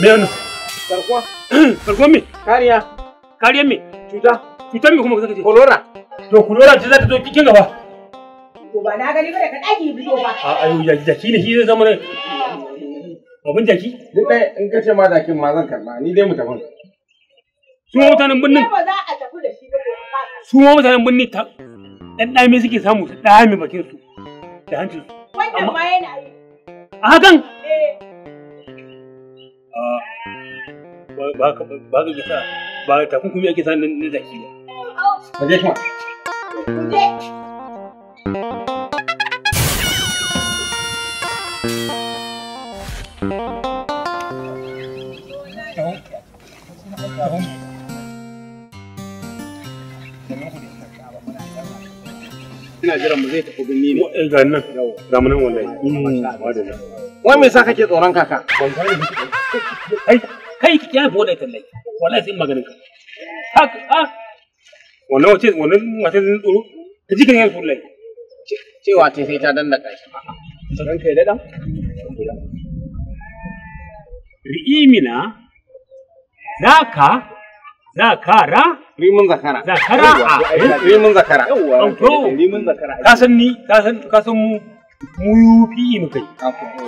Me wannan? Garkuwa. Garkuwa me? Kariya. Kariya me? Cuta. Cutar me kuma ka ce? Kolora. To kolora ce za ta zo cikin gaba. To ba na gani ba da ka ɗaki biyo ba. A'a ya jaki ne shi zai zama abin jaki? Ni dai in ka ce ma jakin ma zan karba ni dai mu tafi. Su ma mutanen birnin. Ba za a tafi da shi ba. Su ma mutanen birnin ta ɗan me suke samu su me bakin su da hancin su. Wannan ma yana yi. A hakan? Eh. ba ka gisa ba ake sa na zaki ba. Ina jiran mu zai tafi binni ne. Ga nan, ga mu nan wallahi. Mm, Wai me kake tsoron kaka? Ban kai kai wallahi sai maganin ka haka ha wannan wace wannan zan tsoro ta cewa sai ta danna kai dada ri'imina zaka zakara zakara zakara zakara zakara ka san ni ka san mu mu UPE muka yi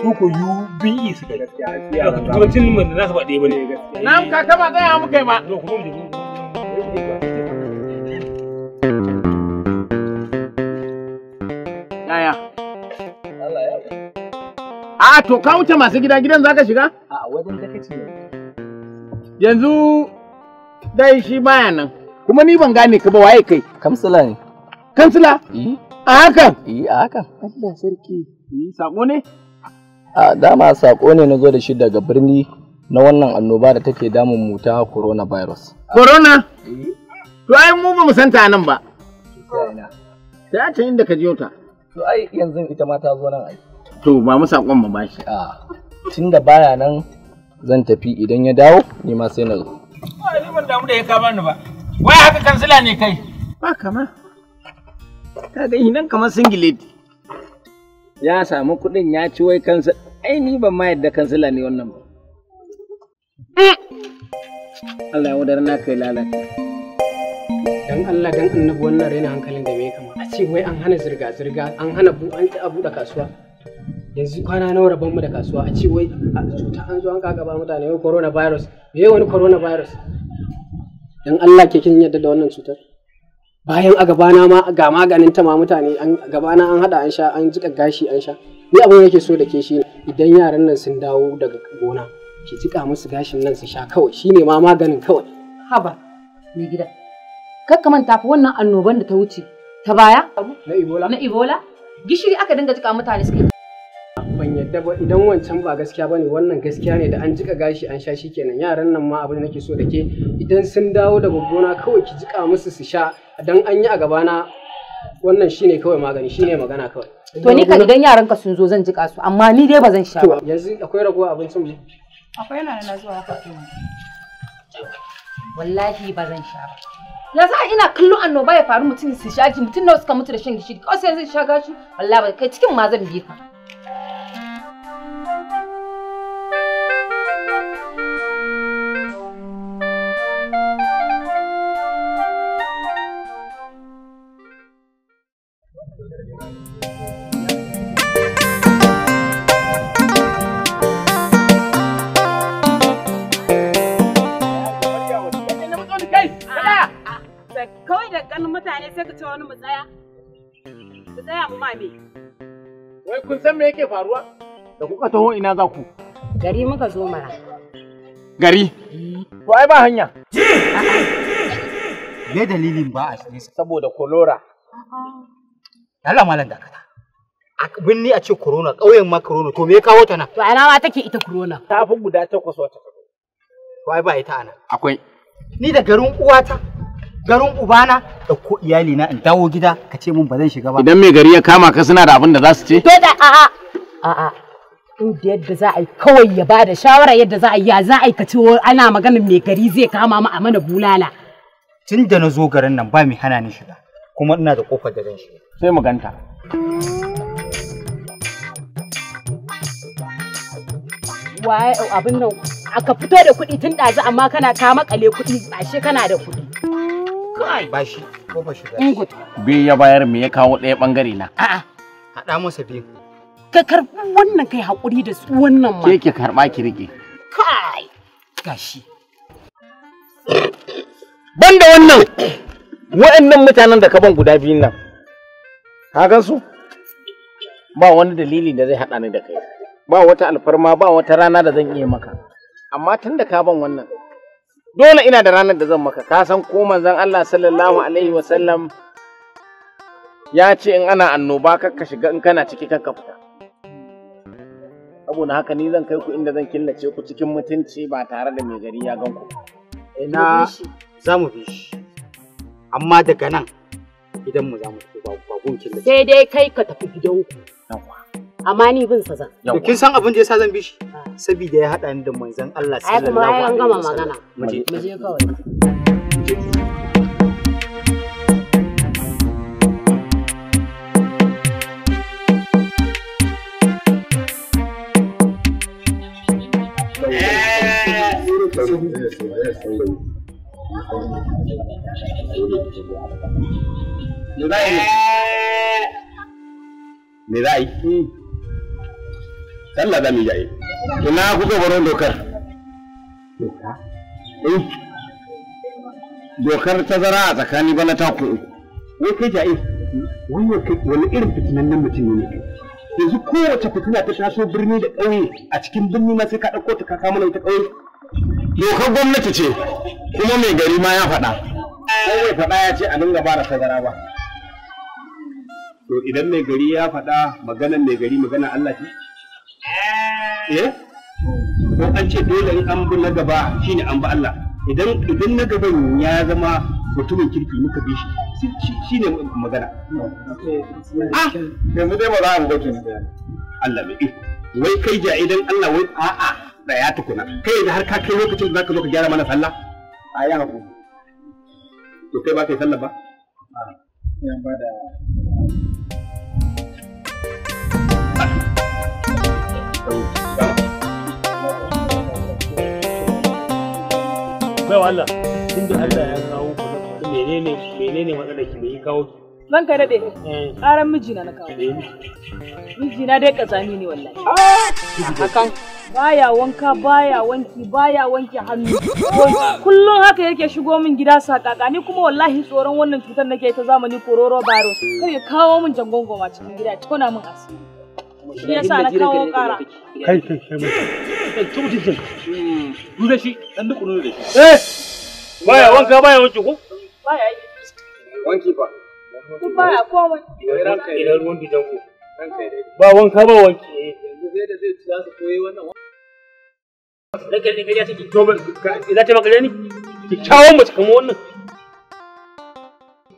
su ko UBE suka yi gaskiya kuma cin mu da saba ba ɗaya bane gaskiya na ka kama tsaya muka yi ma to ku yaya a to ka wuce masu gida gidan zaka shiga a wajen da kace yanzu dai shi baya nan kuma ni ban gane ka ba waye kai kansila ne kansila eh. A hakan? Yi a hakan. Allah sarki. Yi sako ne? A dama sako ne na zo da shi daga birni na wannan annoba da take damun mu ta coronavirus. Corona? Eh. To ai mu ba mu san ta nan ba. Ta ta inda ka jiyo ta. To ai yanzu ita ma ta zo nan ai. To ba mu sakon mu ba shi. A tunda baya nan zan tafi idan ya dawo ni ma sai na zo. Ba ni ban damu da ya ka bani ba. Wai haka kansila ne kai. Ba kama. ga hinan kamar singilet? ya samu kuɗin ya ci wai kansa ai ni ban ma yadda kansila ne wannan ba Allah ya wadar na kai lalata dan Allah dan annabi wannan raina hankalin da me kama a ce wai an hana zirga zirga an hana bu an ta abu da kasuwa yanzu kwana nawa rabon mu da kasuwa a ce wai cuta an zo an kaga ba mutane wai Virus. me wani Corona Virus? dan Allah ke kin yadda da wannan cutar bayan a gabana ma ga maganin ta ma mutane an gabana an hada an sha an jika gashi an sha ni abin yake so da ke shi idan yaran nan sun dawo daga gona ki jika musu gashin nan su sha kawai shine ma maganin kawai haba mai gida kakka manta tafi wannan annoban da ta wuce ta baya na ibola na ibola gishiri aka dinga jika mutane suke ban yadda ba idan wancan ba gaskiya bane wannan gaskiya ne da an jika gashi an sha shi kenan, yaran nan ma abin da nake so da ke idan sun dawo daga gona kawai ki jika musu su sha dan an yi a gabana wannan shine kawai magani shine magana kawai to ni ka idan yaran ka sun zo zan jika su amma ni dai ba zan sha ba yanzu akwai ragowa abincin mu akwai yana na zuwa haka wallahi ba zan sha ba ya za ina kallon annoba ya faru mutum su shaji mutum nawa suka mutu da shan gishiri kawai sai zai sha gashi wallahi kai cikin ma zan bi ka ce wani mu tsaya? Mu tsaya mu me. Wai kun san me yake faruwa? Da kuka taho ina za ku? Gari muka zo mara. Gari? To ai ba hanya. Me dalilin ba a shi saboda kolora. Allah malam dakata. a binni a ce corona ƙauyen ma corona to me ya kawo ta nan to ana ma take ita corona ta fi guda takwas wata to ai ba ita ana akwai ni da garin uwata garin ubana da ko iyali na in dawo gida ka ce mun ba zan shiga ba idan mai gari ya kama ka suna da abin da za su ce to da a'a a'a da yadda za a yi kawai ya bada shawara yadda za a yi ya za a yi ka ce ana maganin mai gari zai kama mu a mana bulala tun da na zo garin nan ba mai hana ni shiga kuma ina da kofar da zan shiga sai mu ganta waye abin nan aka fito da kuɗi tun ɗazu amma kana kama kale kuɗi ashe kana da kuɗi Kai ba shi ko ba shiga. Ingut. Bi ya bayar me ya kawo ɗaya bangare na. A'a. Haɗa masa biyu. Ka karɓi wannan kai haƙuri da su wannan ma. Ke ke karɓa ki riƙe. Kai. Gashi. Banda wannan. Wa'annan mutanen da ka ban guda biyun nan. Ka gan su? Ba wani dalili da zai haɗa ni da kai. Ba wata alfarma ba wata rana da zan iya maka. Amma tun da ka ban wannan dole ina da ranar da zan maka ka san ko manzon Allah sallallahu alaihi wasallam ya ce in ana annoba kakka shiga in kana ciki kakka fita saboda haka ni zan kai ku inda zan killace ku cikin mutunci ba tare da mai gari ya gan ina za mu bi shi amma daga nan idan mu za mu ba gun killace sai dai kai ka tafi uku. amma ni bin sa zan. To kin san abin da yasa zan bi shi? Ah. Saboda ya haɗa ni da manzon Allah sallallahu alaihi wasallam. Ai kuma an gama magana. Mu je kawai. Me da ahí. sallah za mu yi ina kuka baron dokar dokar eh. dokar tazara a tsakani bana ta ku wai kai jaye wannan kai wani irin nan mutum ne yanzu kowace fitina ta taso birni da ƙauye a cikin birni ma sai ka ɗauko ta kaka mana ta ƙauye dokar gwamnati ce kuma mai gari ma ya faɗa ko bai faɗa ya ce a dinga ba da tazara ba to idan mai gari ya faɗa maganar mai gari magana Allah ce Eh? ko an ce dole in an bi na gaba shine an bi Allah idan idan na gaban ya zama mutumin kirki muka bi shi shine magana ah yanzu dai ba za mu gaji Allah bai wai kai ja idan Allah wai a'a da ya tukuna kai yanzu har ka kai lokacin da zaka zo ka gyara mana sallah a yi hakuri to kai ba kai sallah ba yan ba da Allah tun da Allah ya kawo ku menene menene matsalar ki bai kawo ki nan ka daɗe eh. ƙaran mijina na kawo mijina dai ƙazami ne wallahi ah! hakan baya wanka baya wanki baya wanki hannu kullum haka yake shigo min gida saƙaƙa ni kuma wallahi tsoron wannan cutar nake ta zamani kororo virus kar ya kawo min jangon goma cikin gida tona min asiri shi yasa na kawo ƙara kai kai kai mutum da shi dan duk da shi eh baya wanka baya wanki ko baya yi wanki duk baya komai idan ruwan ba wanka ba wanki yanzu sai da zai tsaya su koyi wannan ne take to ba za ta ni mace kamar wannan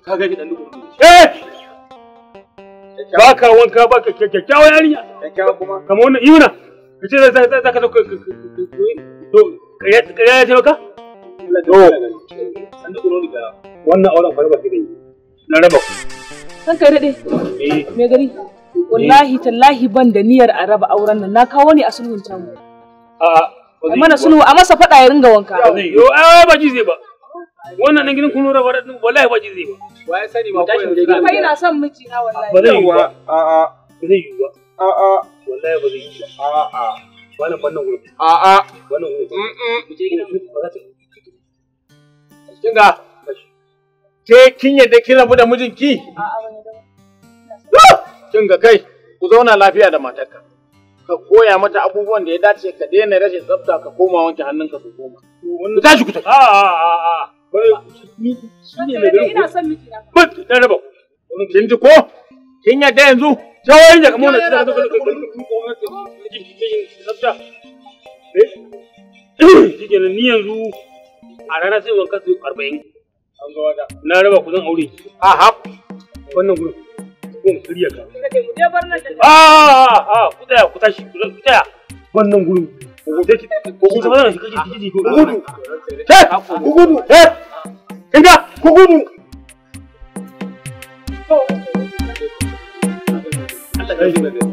ka eh ba ka wanka ba ka kyakkyawan yarinya kyakkyawa kuma kamar wannan iuna kace za ka zo ka to ƙarya ya taimaka? to wannan auren faruwa ke yi na raba ku kan kai daɗe me gari wallahi tallahi ban da niyyar a raba auren nan na kawo ne a sulhun tamu a mana sulhu a masa faɗa ya ringa wanka yo ai ba ji zai ba wannan nan gidan kun raba wallahi ba ji zai ba wa ya sani ba ko yanzu kai ina son miji na wallahi ba zai yi ba A'a. ba zai yi ba A'a. wallahi ba zai yi a a wannan wannan gurin a wannan gurin mm je gidan ba za ta kinga ke kin yadda kin rabu da mijinki a'a kinga kai ku zauna lafiya da matarka ka koya mata abubuwan da ya dace ka daina rashin tsafta ka koma wanke hannunka su koma ku tashi ku tashi a'a a'a a'a kin ji ko kin yadda yanzu 저희는 잠깐만 shikenan ni yanzu a rana sai wanka su arba'in na raba kudin aure a haf wannan gurin kuma shirya ka a a ku tsaya ku tashi ku tsaya wannan gurin ku gudu ku gudu ku gudu ku gudu Beijo, Deus.